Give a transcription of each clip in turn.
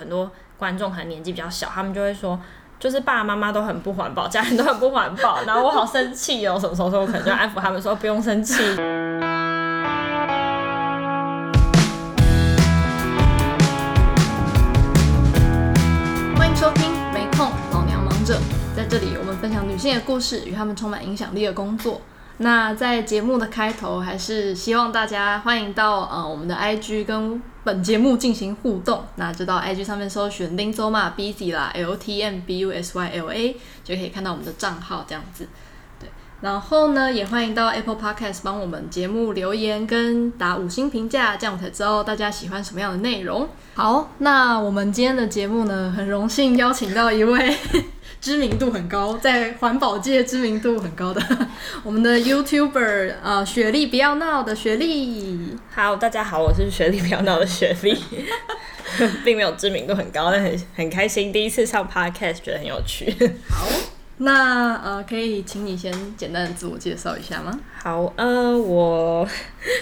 很多觀眾可能年紀比較小，他們就會說，就是爸爸媽媽都很不環保，家人都很不環保，然後我好生氣哦、喔。 什麼時候說我可能就安撫他們說，不用生氣 。歡迎收聽《沒空老娘忙着》，在這裡我們分享女性的故事與她們充滿影響力的工作。那在節目的開頭，還是希望大家歡迎到呃我們的 IG 跟本節目進行互動，那就到 IG 上面搜尋聊天嘛 Busy 啦 L T M B U S Y L A 就可以看到我們的賬號這樣子。對，然後呢，也歡迎到 Apple Podcast 幫我們節目留言跟打五星評價，這樣我才知道大家喜歡什麼樣的內容。好，那我們今天的節目呢，很榮幸邀請到一位。 知名度很高，在環保界知名度很高的我們的 Youtuber 啊、呃，雪莉不要鬧的雪莉。哈囉，大家好，我是雪莉不要鬧的雪莉， 並沒有知名度很高，但很很開心第一次上 Podcast，覺得很有趣。好。那呃，可以請你先簡單的自我介紹一下嗎？好，呃，我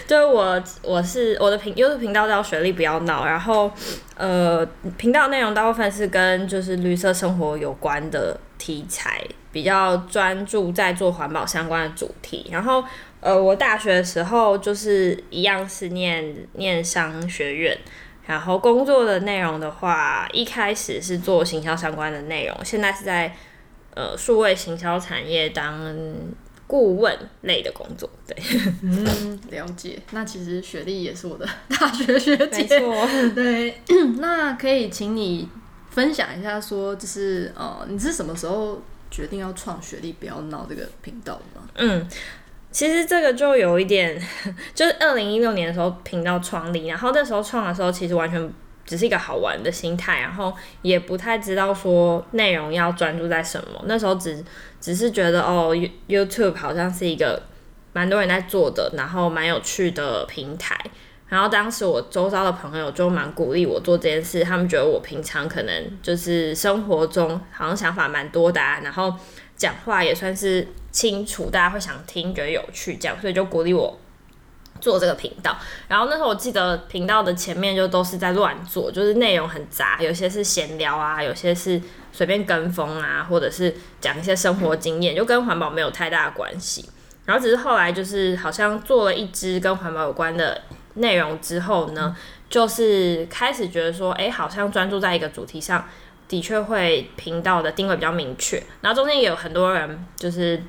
就是我，我是我的頻 YouTube 頻道叫“雪莉不要鬧”，然後呃，頻道內容大部分是跟就是綠色生活有關的題材，比較專注在做環保相關的主題。然後呃，我大學的時候就是一樣是念念商學院，然後工作的內容的話，一開始是做行銷相關的內容，現在是在。呃，數位行銷產業當顧問類的工作，對，嗯，了解。那其實雪莉也是我的大學學姐，沒錯，對， 那可以請你分享一下，說就是呃，你是什麼時候決定要創雪莉不要鬧這個頻道的嗎？嗯，其實這個就有一點，就是二零一六年的時候頻道創立，然後那時候創的時候其實完全。只是一個好玩的心態，然後也不太知道說內容要專注在什麼。那時候只只是覺得哦，YouTube 好像是一個蠻多人在做的，然後蠻有趣的平台。然後當時我周遭的朋友就蠻鼓勵我做這件事，他們覺得我平常可能就是生活中好像想法蠻多的啊，然後講話也算是清楚，大家會想聽，覺得有趣這樣，所以就鼓勵我做這個頻道，然後那時候我記得頻道的前面就都是在亂做，就是內容很雜，有些是閒聊啊，有些是隨便跟風啊，或者是講一些生活經驗，就跟環保沒有太大的關係。然後只是後來就是好像做了一支跟環保有關的內容之後呢，就是開始覺得說，哎、欸，好像專注在一個主題上，的確會頻道的定位比較明確。然後中間也有很多人就是。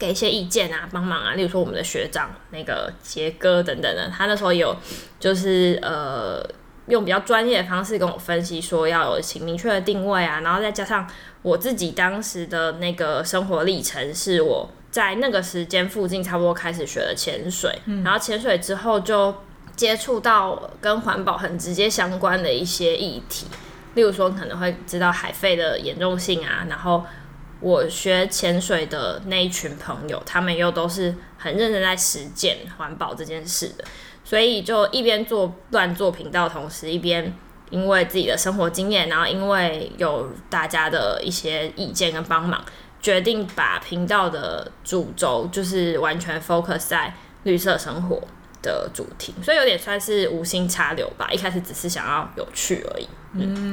給一些意見啊，幫忙啊，例如說我們的學長那個杰哥等等的，他那時候有就是呃用比較專業的方式跟我分析說要有請明確的定位啊，然後再加上我自己當時的那個生活歷程，是我在那個時間附近差不多開始學了潛水、嗯，然後潛水之後就接觸到跟環保很直接相關的一些議題，例如說可能會知道海廢的嚴重性啊，然後。我學潛水的那一群朋友，他們又都是很認真在實踐環保這件事的，所以就一邊做亂做頻道，同時一邊因為自己的生活經驗，然後因為有大家的一些意見跟幫忙，決定把頻道的主軸就是完全 focus 在綠色生活。的主題，所以有點算是無心插柳吧。一開始只是想要有趣而已。嗯，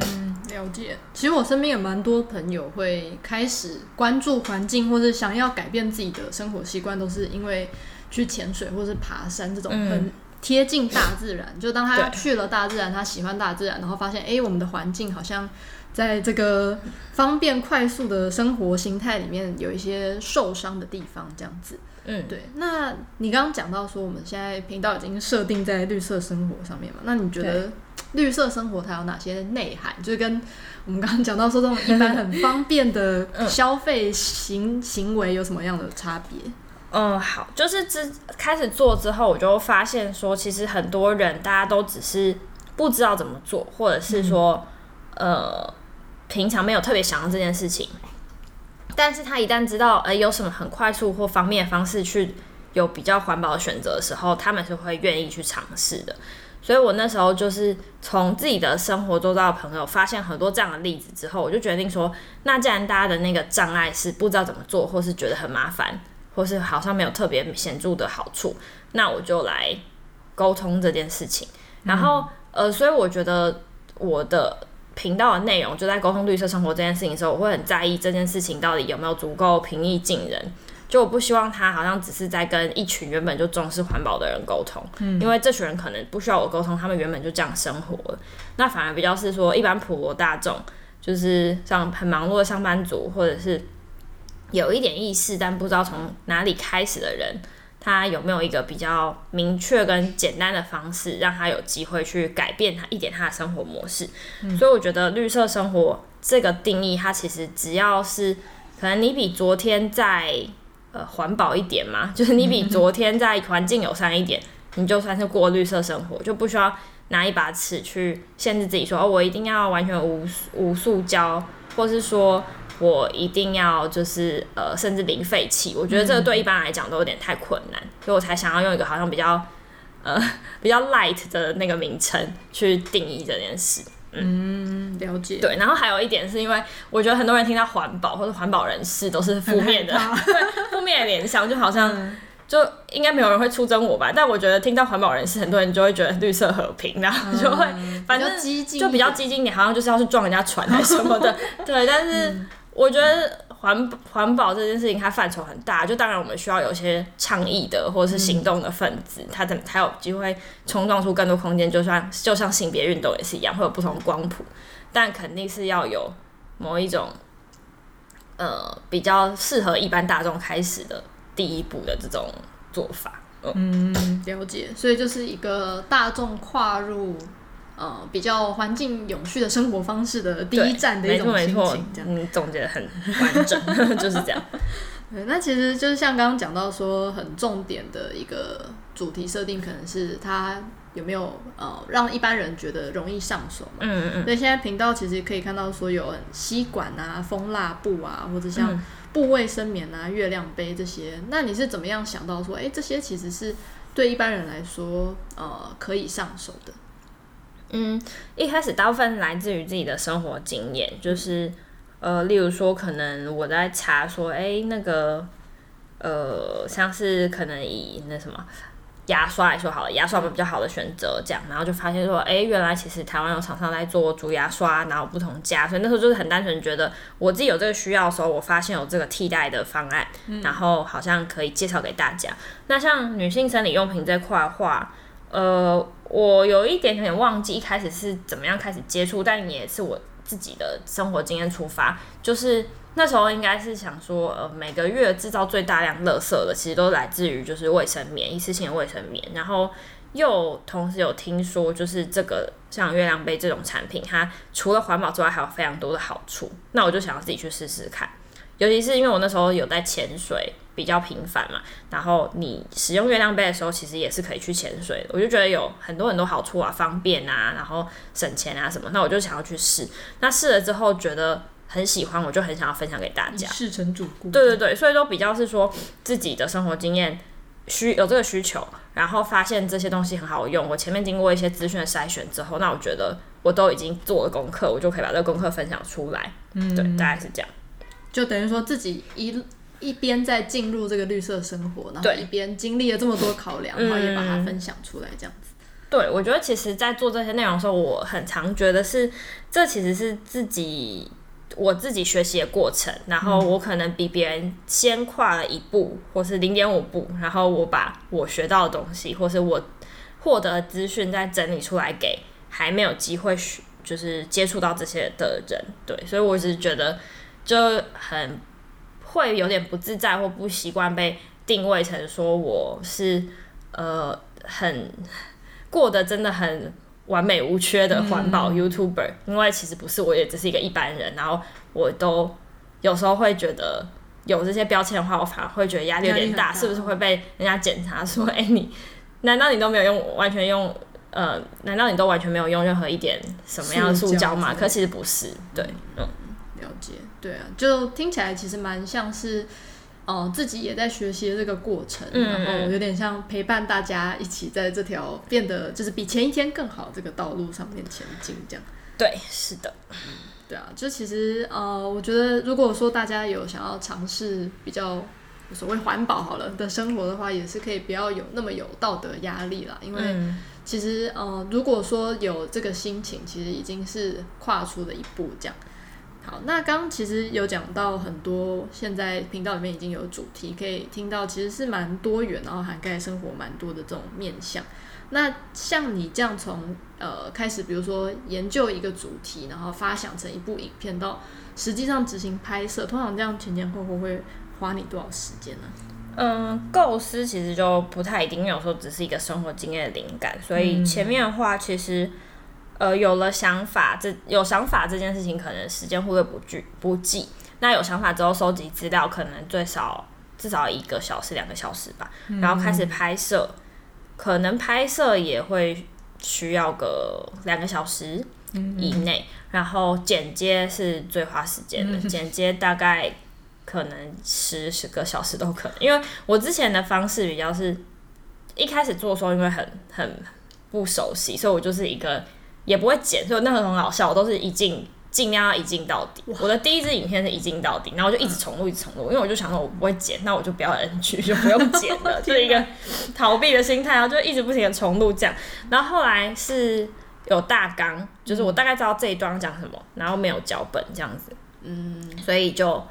了解。其實我身邊有蠻多朋友會開始關注環境，或是想要改變自己的生活習慣，都是因為去潛水或是爬山這種很貼近大自然、嗯。就當他去了大自然，他喜歡大自然，然後發現，哎、欸，我們的環境好像在這個方便快速的生活形態裡面有一些受傷的地方，這樣子。嗯，對。那你剛剛講到說，我們現在頻道已經設定在綠色生活上面嘛？那你覺得綠色生活它有哪些內涵？就是跟我們剛剛講到說，這種一般很方便的消費行、 嗯、行為有什麼樣的差別？嗯，好。就是之開始做之後，我就發現說，其實很多人大家都只是不知道怎麼做，或者是說，嗯、呃，平常沒有特別想到這件事情。但是他一旦知道，誒、欸，有什麼很快速或方便的方式去有比較環保的選擇的時候，他們是會願意去嘗試的。所以我那時候就是從自己的生活做到的朋友，發現很多這樣的例子之後，我就決定說，那既然大家的那個障礙是不知道怎麼做，或是覺得很麻煩，或是好像沒有特別顯著的好處，那我就來溝通這件事情。然後、嗯，呃，所以我覺得我的。頻道的內容就在溝通綠色生活這件事情的時候，我會很在意這件事情到底有沒有足夠平易近人。就我不希望他好像只是在跟一群原本就重視環保的人溝通。嗯，因為這群人可能不需要我溝通，他們原本就這樣生活了。那反而比較是說一般普羅大眾，就是像很忙碌的上班族，或者是有一點意識但不知道從哪裡開始的人。他有沒有一個比較明確跟簡單的方式，讓他有機會去改變他一點他的生活模式？嗯、所以我覺得綠色生活這個定義，它其實只要是可能你比昨天再呃環保一點嘛，就是你比昨天再環境友善一點， 你就算是過綠色生活，就不需要拿一把尺去限制自己說哦，我一定要完全無無塑膠，或是說。我一定要就是呃，甚至零廢棄，我覺得這個對一般來講都有點太困難，嗯，所以我才想要用一個好像比較呃比較 light 的那個名稱去定義這件事，嗯。嗯，了解。對，然後還有一點是因為我覺得很多人聽到環保或者環保人士都是負面的，負 面聯想，就好像、嗯、就應該沒有人會出征我吧？但我覺得聽到環保人士，很多人就會覺得綠色和平，然後就會、嗯、反正就比較激進一點、嗯，好像就是要去撞人家船還什麼的。嗯、對，但是。嗯我覺得環環保這件事情，它範疇很大，就當然，我們需要有些倡議的或者是行動的分子，他、嗯、才有機會衝撞出更多空間，就算就像性別運動也是一樣，會有不同光譜，但肯定是要有某一種，呃，比較適合一般大眾開始的第一步的這種做法。嗯，嗯，了解。所以就是一個大眾跨入，呃，比較環境永續的生活方式的第一站的一種心情，這樣。沒錯沒錯，你總結的很完整， 就是這樣。對，那其實就是像剛剛講到說，很重點的一個主題設定，可能是它有沒有呃讓一般人覺得容易上手嘛？嗯嗯。所以現在頻道其實可以看到說有吸管啊、蜂蠟布啊，或者像布衛生棉啊、月亮杯這些。那你是怎麼樣想到說，哎、欸，這些其實是對一般人來說呃可以上手的？嗯，一開始大部分來自於自己的生活經驗，就是呃，例如說可能我在查說，哎、欸，那個呃，像是可能以那什麼牙刷來說好了，牙刷比較好的選擇這樣、嗯，然後就發現說，哎、欸，原來其實台灣有廠商在做竹牙刷，然後不同家，所以那時候就是很單純覺得我自己有這個需要的時候，我發現有這個替代的方案，嗯、然後好像可以介紹給大家。那像女性生理用品這塊的話。呃，我有一點點忘記一開始是怎麼樣開始接觸，但也是我自己的生活經驗出發，就是那時候應該是想說，呃，每個月製造最大量垃圾的，其實都來自於就是衛生棉，一次性的衛生棉，然後又同時有聽說，就是這個像月亮杯這種產品，它除了環保之外，還有非常多的好處，那我就想要自己去試試看，尤其是因為我那時候有在潛水。比較頻繁嘛，然後你使用月亮杯的時候，其實也是可以去潛水的。我就覺得有很多很多好處啊，方便啊，然後省錢啊什麼。那我就想要去試，那試了之後覺得很喜歡，我就很想要分享給大家。試成主顧。對對對，所以都比較是說自己的生活經驗需有這個需求，然後發現這些東西很好用。我前面經過一些資訊的篩選之後，那我覺得我都已經做了功課，我就可以把這個功課分享出來。嗯，對，大概是這樣。就等於說自己一。一邊在進入這個綠色生活，然後一邊經歷了這麼多考量，然後也把它分享出來，這樣子，嗯。對，我覺得其實，在做這些內容的時候，我很常覺得是，這其實是自己我自己學習的過程，然後我可能比別人先跨了一步，嗯，或是零點五步，然後我把我學到的東西，或是我獲得資訊，再整理出來給還沒有機會學，就是接觸到這些的人。對，所以我只是覺得就很會有點不自在或不習慣被定位成說我是呃很過得真的很完美無缺的環保 YouTuber，嗯，因為其實不是，我也只是一個一般人。然後我都有時候會覺得有這些標籤的話，我反而會覺得壓力有點大，壓力很大，是不是會被人家檢查說，哎，欸，你難道你都沒有用完全用呃，難道你都完全沒有用任何一點什麼樣的塑膠嗎？可其實不是，對，嗯，了解。對啊，就聽起來其實蠻像是，哦、呃，自己也在學習的這個過程、嗯，然後有點像陪伴大家一起在這條變得就是比前一天更好這個道路上面前進這樣。對，是的。對啊，就其實呃，我覺得如果說大家有想要嘗試比較所謂環保好了的生活的話，也是可以不要有那麼有道德壓力啦，因為其實、嗯、呃，如果說有這個心情，其實已經是跨出了一步這樣。好，那剛其實有講到很多，現在頻道裡面已經有主題可以聽到，其實是蠻多元，然後涵蓋生活蠻多的這種面向。那像你這樣從呃開始，比如說研究一個主題，然後發想成一部影片，到實際上執行拍攝，通常這樣前前後後會會花你多少時間呢？嗯，構思其實就不太一定，有時候只是一個生活經驗的靈感，所以前面的話其實。呃，有了想法，這有想法這件事情可能時間忽略不計不計。那有想法之後收集資料，可能最少至少一個小時兩個小時吧。然後開始拍攝、嗯，可能拍攝也會需要個兩個小時以內、嗯。然後剪接，是最花時間的、嗯，剪接大概可能十十個小時都可能。因為我之前的方式比較是，一開始做的時候因為很很不熟悉，所以我就是一個。也不會剪，所以那個很好笑。我都是一鏡盡量要一鏡到底。我的第一支影片是一鏡到底，然後就一直重錄、嗯，一直重錄，因為我就想說，我不會剪，那我就不要 NG，就不用剪了， 啊、就是一個逃避的心態，然後就一直不停的重錄這樣。然後後來是有大綱，就是我大概知道這一段講什麼、嗯，然後沒有腳本這樣子，嗯，所以就。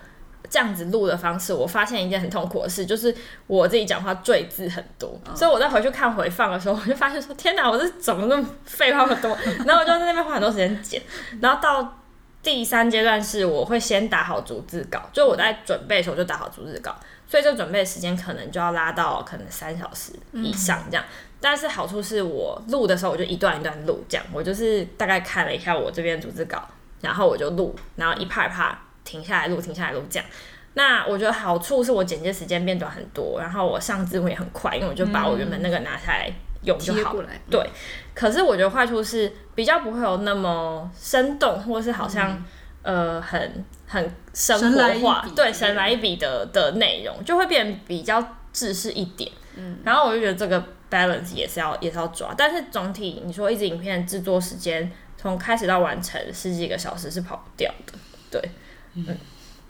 這樣子錄的方式，我發現一件很痛苦的事，就是我自己講話贅字很多，oh. 所以我在回去看回放的時候，我就發現說：“天哪，我是怎麼那麼廢話那麼多？” 然後我就在那邊花很多時間剪。然後到第三階段是，我會先打好逐字稿，就我在準備的時候就打好逐字稿，所以這準備的時間可能就要拉到可能三小時以上這樣。Mm -hmm. 但是好處是我錄的時候，我就一段一段錄這樣，我就是大概看了一下我這邊逐字稿，然後我就錄，然後一拍一拍。停下來錄，停下來錄這樣。那我覺得好處是我剪接時間變短很多，然後我上字幕也很快，因為我就把我原本那個拿下來用就好。嗯嗯、對。可是我覺得壞處是比較不會有那麼生動，或是好像、嗯、呃很很生活化，對，神來一筆的的內容就會變比較製式一點。嗯。然後我就覺得這個 balance 也是要也是要抓，但是總體你說，一支影片的制作時間從開始到完成十幾個小時是跑不掉的。嗯，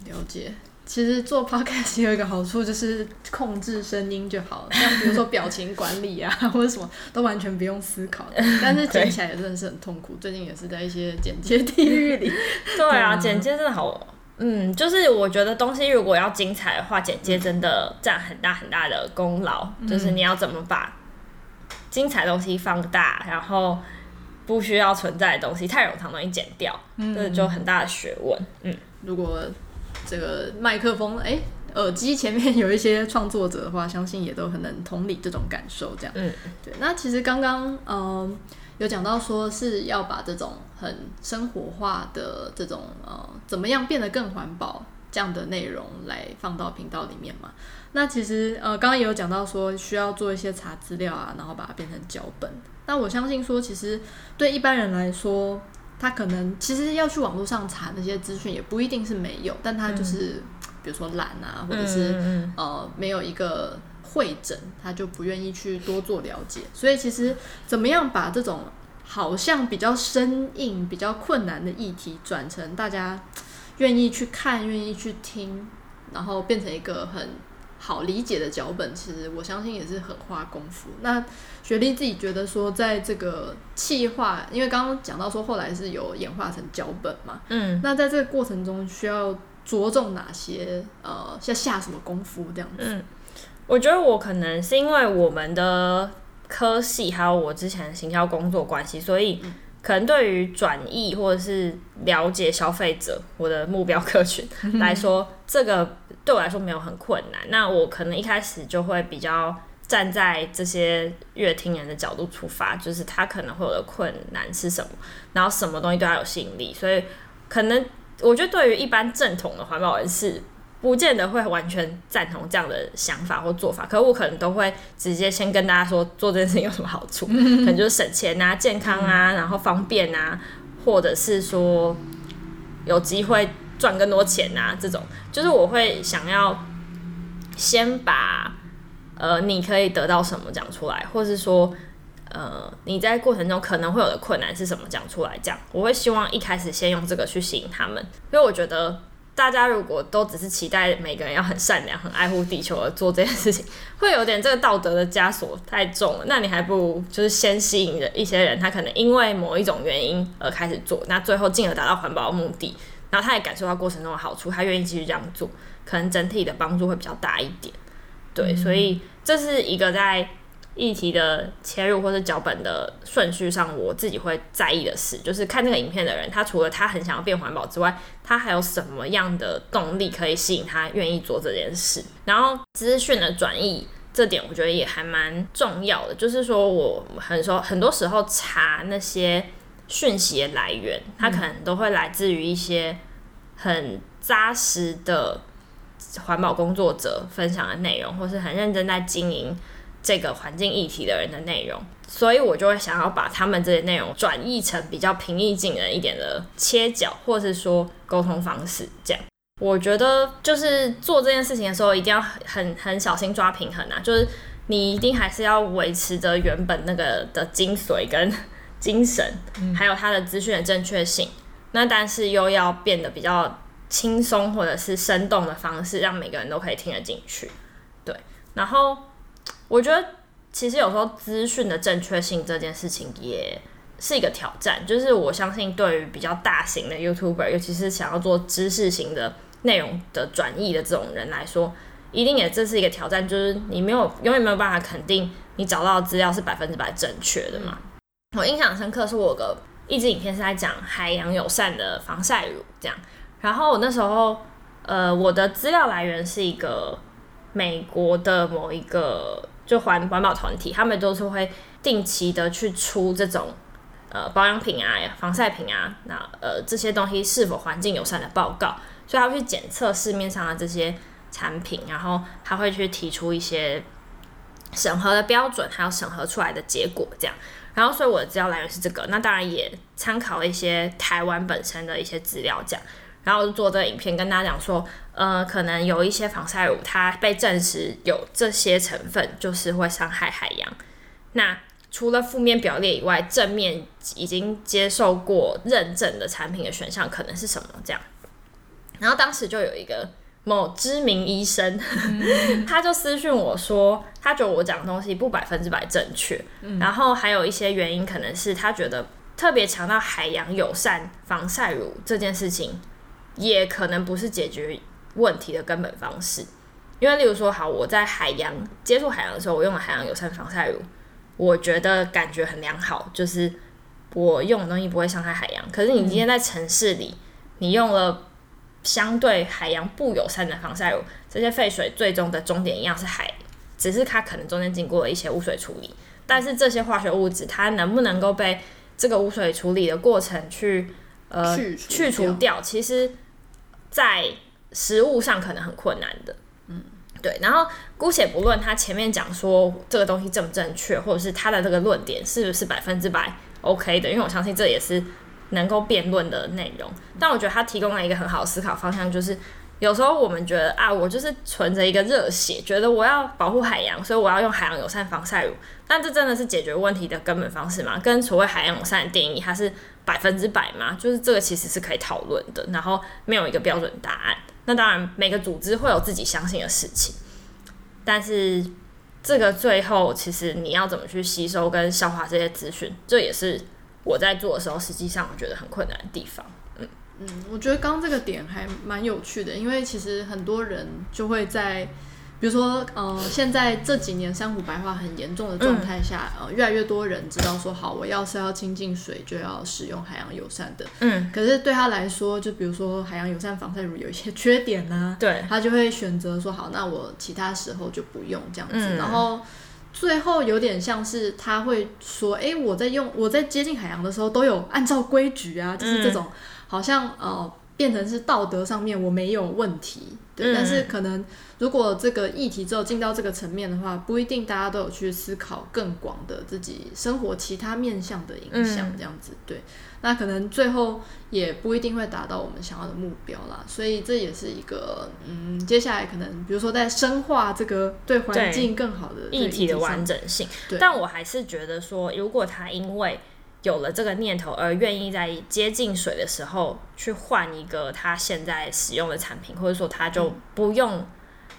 了解。其實做 podcast 有一個好處就是控制聲音就好了，像比如說表情管理啊，或者什麼 都完全不用思考。但是剪起來也真的是很痛苦， 最近也是在一些剪接地獄裡。對啊，啊剪接真的好，嗯，就是我覺得東西如果要精彩的話，剪接真的占很大很大的功勞、嗯。就是你要怎麼把精彩的東西放大，然後不需要存在的東西太冗長東西剪掉，這、就是、就很大的學問。嗯。嗯如果這個麥克風誒，耳機前面有一些創作者的話，相信也都很能同理這種感受。這樣、嗯，對。那其實剛剛嗯、呃、有講到說是要把這種很生活化的這種呃怎麼樣變得更環保這樣的內容來放到頻道裡面嘛？那其實呃剛剛也有講到說需要做一些查資料啊，然後把它變成腳本。那我相信說其實對一般人來說。他可能其實要去網絡上查那些資訊，也不一定是沒有，但他就是、嗯、比如說懶啊，或者是嗯嗯嗯呃沒有一個會診，他就不願意去多做了解。所以其實怎麼樣把這種好像比較生硬、比較困難的議題，轉成大家願意去看、願意去聽，然後變成一個很。好理解的腳本，其實我相信也是很花功夫。那雪莉自己覺得說，在這個企劃，因為剛剛講到說後來是有演化成腳本嘛，嗯，那在這個過程中需要着重哪些，呃，要下什麼功夫這樣子。嗯，我覺得我可能是因為我們的科系，還有我之前的行銷工作關係，所以。嗯。可能對於轉譯或者是了解消費者，我的目標客群來說， 這個對我來說沒有很困難。那我可能一開始就會比較站在這些閱聽人的角度出發，就是他可能會有的困難是什麼，然後什麼東西對他有吸引力。所以，可能我覺得對於一般正統的環保人士。不見得會完全贊同這樣的想法或做法，可我可能都會直接先跟大家說，做這件事情有什麼好處，可能就是省錢啊、健康啊，然後方便啊，或者是說有機會賺更多錢啊，這種就是我會想要先把呃你可以得到什麼講出來，或是說呃你在過程中可能會有的困難是什麼講出來，這樣我會希望一開始先用這個去吸引他們，所以我覺得。大家如果都只是期待每個人要很善良、很愛護地球而做這件事情，會有點這個道德的枷鎖太重了。那你還不如就是先吸引一些人，他可能因為某一種原因而開始做，那最後進而達到環保的目的，然後他也感受到過程中的好處，他願意繼續這樣做，可能整體的幫助會比較大一點。對，嗯，所以這是一個在。議題的切入或是腳本的順序上，我自己會在意的是，就是看這個影片的人，他除了他很想要變環保之外，他還有什麼樣的動力可以吸引他願意做這件事？然後資訊的轉移，這點我覺得也還蠻重要的。就是說我很說很多時候查那些訊息的來源，他可能都會來自於一些很紮實的環保工作者分享的內容，或是很認真在經營。這個環境議題的人的內容，所以我就會想要把他們這些內容轉譯成比較平易近人一點的切角，或是說溝通方式。這樣，我覺得就是做這件事情的時候，一定要很很小心抓平衡啊。就是你一定還是要維持着原本那個的精髓跟精神，還有他的資訊的正確性。嗯、那但是又要變得比較輕鬆或者是生動的方式，讓每個人都可以聽得進去。對，然後。我覺得其實有時候資訊的正確性這件事情也是一個挑戰，就是我相信對於比較大型的 YouTuber，尤其是想要做知識型的內容的轉譯的這種人來說，一定也這是一個挑戰，就是你沒有永遠沒有辦法肯定你找到的資料是百分之百正確的嘛。我印象深刻是我的一支影片是在講海洋友善的防曬乳，這樣，然後我那時候呃我的資料來源是一個美國的某一個。就環環保團體，他們都是會定期的去出這種呃保養品啊、防曬品啊，那呃這些東西是否環境友善的報告，所以他會去檢測市面上的這些產品，然後他會去提出一些審核的標準，還有審核出來的結果這樣。然後所以我的資料來源是這個，那當然也參考一些臺灣本身的一些資料這樣。然後就做這個影片跟大家講說，呃，可能有一些防曬乳它被證實有這些成分，就是會傷害海洋。那除了負面表列以外，正面已經接受過認證的產品的選項可能是什麼？這樣。然後當時就有一個某知名醫生，嗯、 他就私訊我說，他覺得我講的東西不百分之百正確，嗯、然後還有一些原因可能是他覺得特別強調海洋友善防曬乳這件事情。也可能不是解決問題的根本方式，因為例如說，好，我在海洋接觸海洋的時候，我用了海洋友善防曬乳，我覺得感覺很良好，就是我用的東西不會傷害海洋。可是你今天在城市裡，嗯，你用了相對海洋不友善的防曬乳，這些廢水最終的終點一樣是海，只是它可能中間經過了一些污水處理。但是這些化學物質，它能不能夠被這個污水處理的過程去呃去除掉、去除掉？其實。在食物上可能很困難的，嗯，對。然後姑且不論他前面講說這個東西正不正確，或者是他的這個論點是不是百分之百 OK 的，因為我相信這也是能夠辯論的內容，嗯。但我覺得他提供了一個很好的思考方向，就是。有時候我們覺得啊，我就是存着一個熱血，覺得我要保護海洋，所以我要用海洋友善防曬乳。但這真的是解決問題的根本方式嗎？跟所謂海洋友善的定義，它是百分之百嗎？就是這個其實是可以討論的，然後沒有一個標準答案。那當然每個組織會有自己相信的事情，但是這個最後其實你要怎麼去吸收跟消化這些資訊，這也是我在做的時候實際上我覺得很困難的地方。嗯，我覺得剛這個點還蠻有趣的，因為其實很多人就會在，比如說，呃，現在這幾年珊瑚白化很嚴重的狀態下，嗯，呃，越來越多人知道說，好，我要是要親近水，就要使用海洋友善的。嗯。可是對他來說，就比如說海洋友善防曬乳有一些缺點呢，啊，對，他就會選擇說，好，那我其他時候就不用這樣子。嗯，然後最後有點像是他會說，哎，欸，我在用，我在接近海洋的時候都有按照規矩啊，就是這種。嗯好像呃，變成是道德上面我沒有問題，對，嗯，但是可能如果這個議題之後進到這個層面的話，不一定大家都有去思考更廣的自己生活其他面向的影響這樣子，嗯，對，那可能最後也不一定會達到我們想要的目標啦，所以這也是一個嗯，接下來可能比如說在深化這個對環境更好的議題，議題的完整性。對，但我還是覺得說，如果他因為。有了這個念頭而願意在接近水的時候去換一個他現在使用的產品，或者說他就不用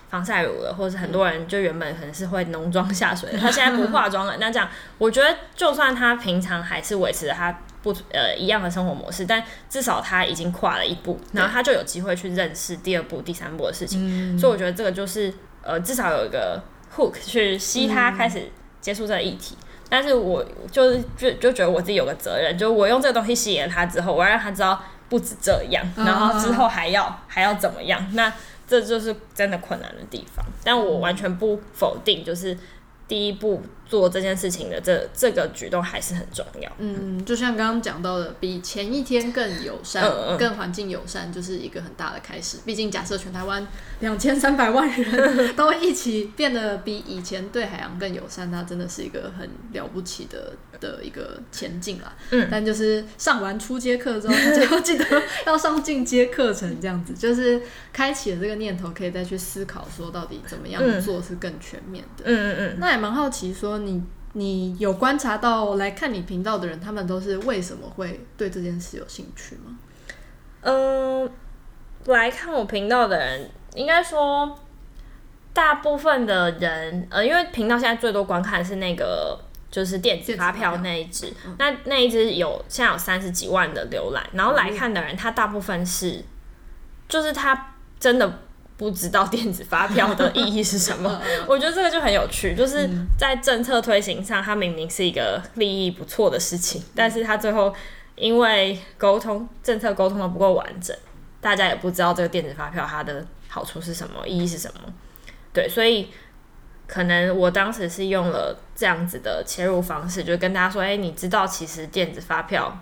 防曬乳了，嗯、或者是很多人就原本可能是會濃妝下水、嗯，他現在不化妝了。 那這樣，我覺得就算他平常還是維持著他不呃一樣的生活模式，但至少他已經跨了一步，然後他就有機會去認識第二步、第三步的事情。嗯、所以我覺得這個就是呃至少有一個 hook 去吸他、嗯、開始接觸這個議題。但是，我就是就就覺得我自己有個責任，就是我用這個東西吸引了他之後，我要讓他知道不止這樣，然後之後還要還要怎麼樣？那這就是真的困難的地方。但我完全不否定，就是。第一步做這件事情的這個、這個舉動還是很重要。嗯，就像剛剛講到的，比前一天更友善，嗯嗯更環境友善，就是一個很大的開始。畢竟，假設全台灣兩千三百萬人都一起變得比以前對海洋更友善，那 真的是一個很了不起的。的一個前進啦，嗯，但就是上完初階課之後，就要記得要上進階課程，這樣子 就是開啟了這個念頭，可以再去思考說到底怎麼樣做是更全面的，嗯嗯嗯。那也蠻好奇，說你你有觀察到來看你頻道的人，他們都是為什麼會對這件事有興趣嗎？嗯，來看我頻道的人，應該說大部分的人，呃，因為頻道現在最多觀看是那個。就是電子發票那一支，那那一支有現在有三十幾萬的瀏覽，然後來看的人，他大部分是，就是他真的不知道電子發票的意義是什麼。 我覺得這個就很有趣，就是在政策推行上，它明明是一個利益不錯的事情，嗯、但是它最後因為溝通政策溝通的不夠完整，大家也不知道這個電子發票它的好處是什麼，意義是什麼，對，所以。可能我當時是用了這樣子的切入方式，就是、跟大家說：“哎、欸，你知道其實電子發票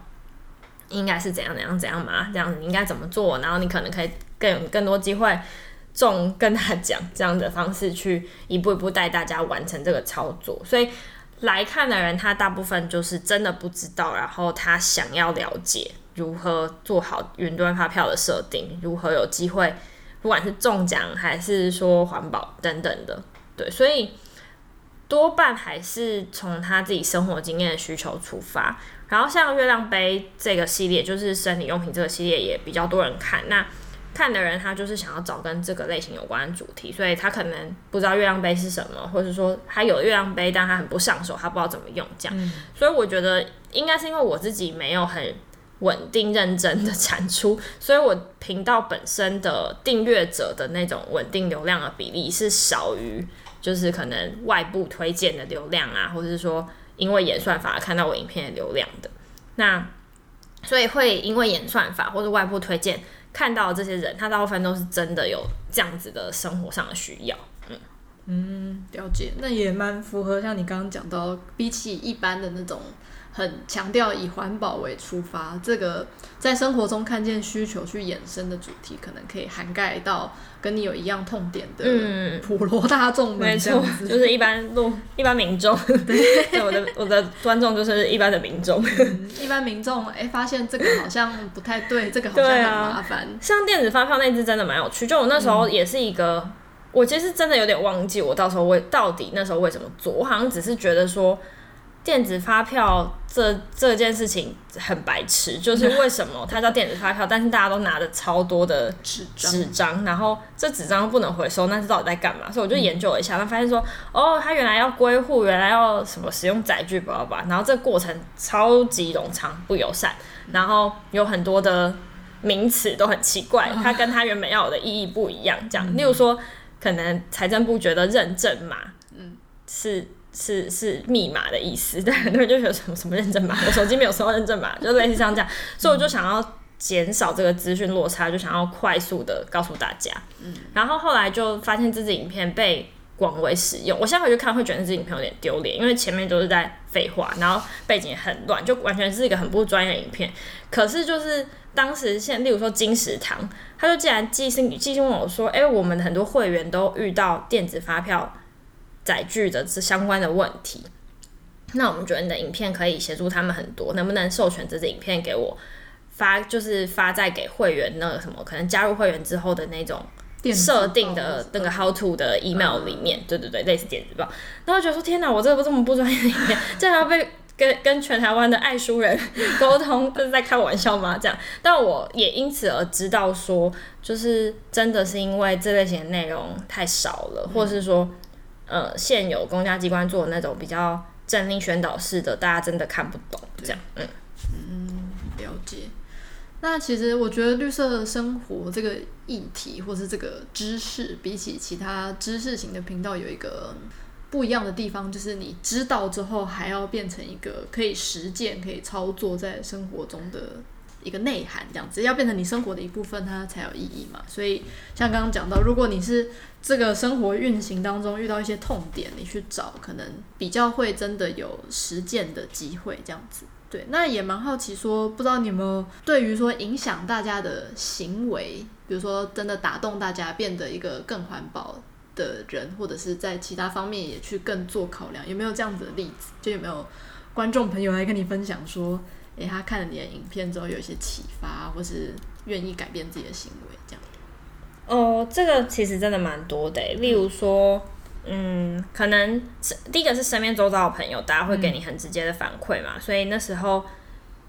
應該是怎樣怎樣怎樣嗎？這樣你應該怎麼做？然後你可能可以更有更多機會中。”跟他講這樣的方式，去一步一步帶大家完成這個操作。所以來看的人，他大部分就是真的不知道，然後他想要了解如何做好雲端發票的設定，如何有機會，不管是中獎還是說環保等等的。對，所以多半還是從他自己生活經驗的需求出發。然後像月亮杯這個系列，就是生理用品這個系列也比較多人看。那看的人他就是想要找跟這個類型有關的主題，所以他可能不知道月亮杯是什麼，或者是說他有月亮杯，但他很不上手，他不知道怎麼用這樣。嗯。所以我覺得應該是因為我自己沒有很穩定認真的產出，所以我頻道本身的訂閱者的那種穩定流量的比例是少於。就是可能外部推薦的流量啊，或者是說因為演算法，而看到我影片的流量的。那，所以會因為演算法或者外部推薦看到這些人，他大部分都是真的有這樣子的生活上的需要。嗯嗯，了解，那也蠻符合像你剛剛講到，比起一般的那種。很強調以環保為出發，這個在生活中看見需求去衍生的主題，可能可以涵蓋到跟你有一樣痛點的普羅大眾、嗯，沒錯，就是一般路一般民眾。對, 對，我的我的觀眾就是一般的民眾、嗯，一般民眾哎、欸，發現這個好像不太對，這個好像很麻煩、啊。像電子發票那次真的蠻有趣，就我那時候也是一個，嗯、我其實真的有點忘記我到時候為到底那時候為什麼做，我好像只是覺得說。電子發票這這件事情很白痴，就是為什麼它叫電子發票、嗯，但是大家都拿着超多的紙張紙張，然後這紙張不能回收，那是到底在幹嘛？所以我就研究了一下，他、嗯、發現說，哦，他原來要歸戶，原來要什麼使用載具，不要吧？然後這過程超級冗長，不友善、嗯，然後有很多的名詞都很奇怪，它、啊、跟它原本要有的意義不一樣。這樣，嗯、例如說，可能財政部覺得認證嘛，嗯，是。是是密碼的意思，但很多人就有什麼什麼認證碼，我手機沒有收到認證碼，就類似像這樣 所以我就想要減少這個資訊落差，就想要快速的告訴大家。嗯。然後後來就發現這支影片被廣為使用，我現在回去看會覺得這支影片有點丟臉，因為前面都是在廢話，然後背景很亂，就完全是一個很不專業的影片。可是就是當時現在，例如說金石堂，他就竟然寄信寄信問我說，哎、欸，我們很多會員都遇到電子發票。載具的這相關的問題，那我們覺得你的影片可以協助他們很多，能不能授權這支影片給我發，就是發在給會員那個什麼，可能加入會員之後的那種設定的那個 How to 的 email 裡面？對對對，對對對，類似電子報。那我覺得說，天哪，啊，我這個不這麼不專業，影片這 還要被跟跟全台灣的愛書人溝通， 這是在開玩笑嗎？這樣，但我也因此而知道說，就是真的是因為這類型的內容太少了，嗯、或是說。呃，現有公家機關做的那種比較政令宣導式的，大家真的看不懂，這樣嗯。嗯，了解。那其實我覺得綠色的生活這個議題，或是這個知識，比起其他知識型的頻道，有一個不一樣的地方，就是你知道之後，還要變成一個可以實踐、可以操作在生活中的。一個內涵這樣子，要變成你生活的一部分，它才有意義嘛。所以像剛剛講到，如果你是這個生活運行當中遇到一些痛點，你去找可能比較會真的有實踐的機會這樣子。對，那也蠻好奇說，說不知道你有沒有對於說影響大家的行為，比如說真的打動大家變得一個更環保的人，或者是在其他方面也去更做考量，有沒有這樣子的例子？就有沒有觀眾朋友來跟你分享說？哎、欸，他看了你的影片之後，有一些啟發，或是願意改變自己的行為，這樣子。哦，這個其實真的蠻多的、欸，例如說，嗯，嗯可能是第一個是身邊周遭的朋友，大家會給你很直接的反饋嘛、嗯。所以那時候，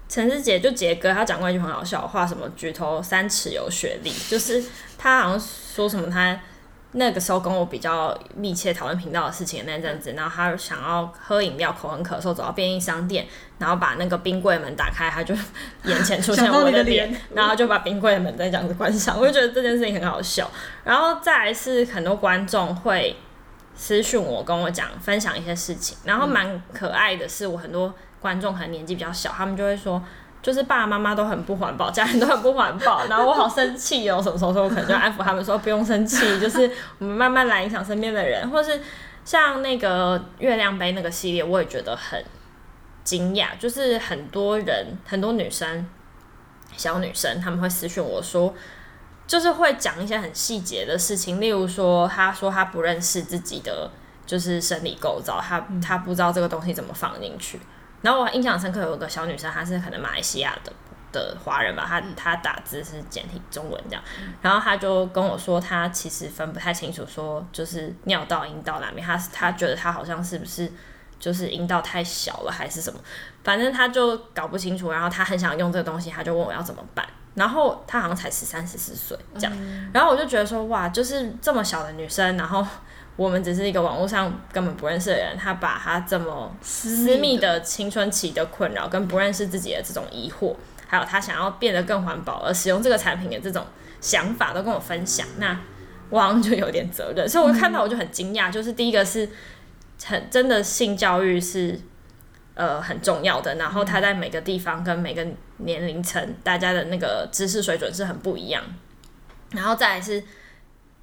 陳思杰就杰哥，他講過一句很好笑的話，什麼“舉頭三尺有雪莉”，就是他好像說什麼他。 那個時候跟我比較密切討論頻道的事情的那陣子，然後他想要喝飲料，口很渴，所以走到便利商店，然後把那個冰櫃門打開，他就眼前出現我的臉，然後就把冰櫃門再這樣子關上，我就覺得這件事情很好笑。 然後再來是很多觀眾會私訊我，跟我講分享一些事情，然後蠻可愛的是，我很多觀眾可能年紀比較小，他們就會說。就是爸爸媽媽都很不環保，家人都很不環保，然後我好生氣哦、喔。 什麼什麼，我可能就安撫他們說不用生氣， 就是我們慢慢來，影響身邊的人，或是像那個月亮杯那個系列，我也覺得很驚訝。就是很多人，很多女生、小女生，他們會私訊我說，就是會講一些很細節的事情，例如說，她說她不認識自己的就是生理構造，她她不知道這個東西怎麼放進去。然後我印象深刻有一個小女生，她是可能馬來西亞的的華人吧，她她打字是簡體中文這樣，然後她就跟我說，她其實分不太清楚，說就是尿道陰道那邊，她她覺得她好像是不是就是陰道太小了還是什麼，反正她就搞不清楚，然後她很想用這個東西，她就問我要怎麼辦，然後她好像才十三十四歲這樣，然後我就覺得說，哇，就是這麼小的女生，然後。我們只是一個網絡上根本不認識的人，他把他這麼私密的青春期的困擾，跟不認識自己的這種疑惑，還有他想要變得更環保而使用這個產品的這種想法都跟我分享，那我好像就有點責任，所以我看到我就很驚訝。嗯，就是第一個是很真的性教育是呃很重要的，然後他在每個地方跟每個年齡層大家的那個知識水準是很不一樣，然後再來是，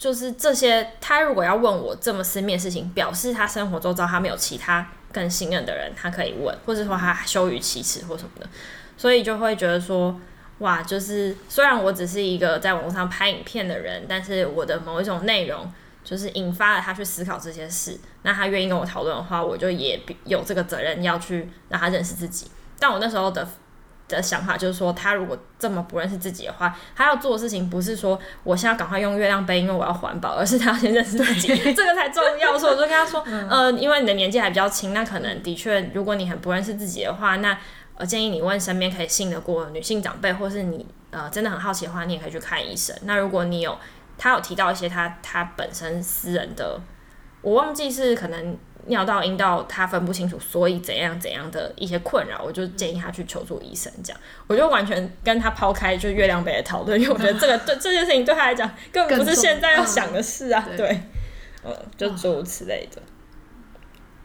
就是這些，他如果要問我這麼私密的事情，表示他生活周遭他沒有其他更信任的人，他可以問，或者說他羞於啟齒或什麼的，所以就會覺得說，哇，就是雖然我只是一個在網路上拍影片的人，但是我的某一種內容就是引發了他去思考這些事，那他願意跟我討論的話，我就也有這個責任要去讓他認識自己。但我那時候的。的想法就是說，他如果這麼不認識自己的話，他要做的事情不是說我現在趕快用月亮杯，因為我要環保，而是他要先認識自己， 這個才重要。所 以我就跟他說，呃，因為你的年紀還比較輕，那可能的確，如果你很不認識自己的話，那我建議你問身邊可以信得過女性長輩，或是你呃真的很好奇的話，你也可以去看醫生。那如果你有，他有提到一些他他本身私人的，我忘記是可能。尿道、陰道，他分不清楚，所以怎樣怎樣的一些困擾，我就建議他去求助醫生。這樣、嗯，我就完全跟他拋開就月亮杯的討論，因、嗯、為我覺得這個對這件事情對他來講根本不是現在要想的事啊。嗯、對，對，嗯，就諸如此類的。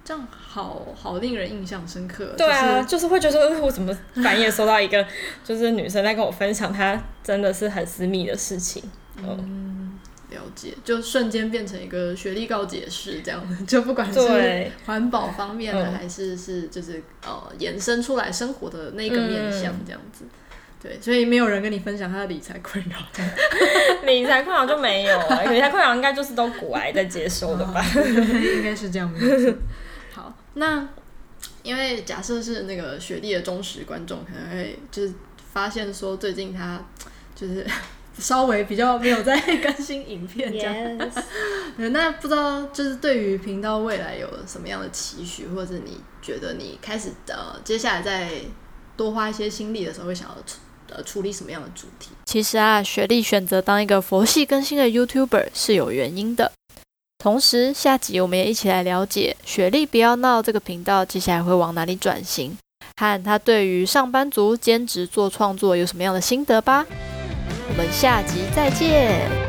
這樣好好令人印象深刻、就是。對啊，就是會覺得說我怎麼半夜收到一個，就是女生在跟我分享她真的是很私密的事情。嗯。嗯了解，就瞬間變成一個雪莉告解室這樣子， 就不管是環保方面的，還是是就是、嗯、呃，延伸出來生活的那個面向這樣子，嗯、對，所以沒有人跟你分享他的理財困擾， 理財困擾就沒有啊， 理財困擾應該就是都古癌在接收的吧， 應該是這樣子。 好，那因為假設是那個雪莉的忠實觀眾，可能會就是發現說最近他就是。稍微比較沒有在更新影片這樣、yes. 那不知道就是對於頻道未來有什麼樣的期許，或者你覺得你開始呃接下來再多花一些心力的時候，會想要處呃處理什麼樣的主題？其實啊，雪莉選擇當一個佛系更新的 YouTuber 是有原因的。同時，下集我們也一起來了解雪莉不要鬧這個頻道接下來會往哪裡轉型，和他對於上班族兼職做創作有什麼樣的心得吧。我們下集再見。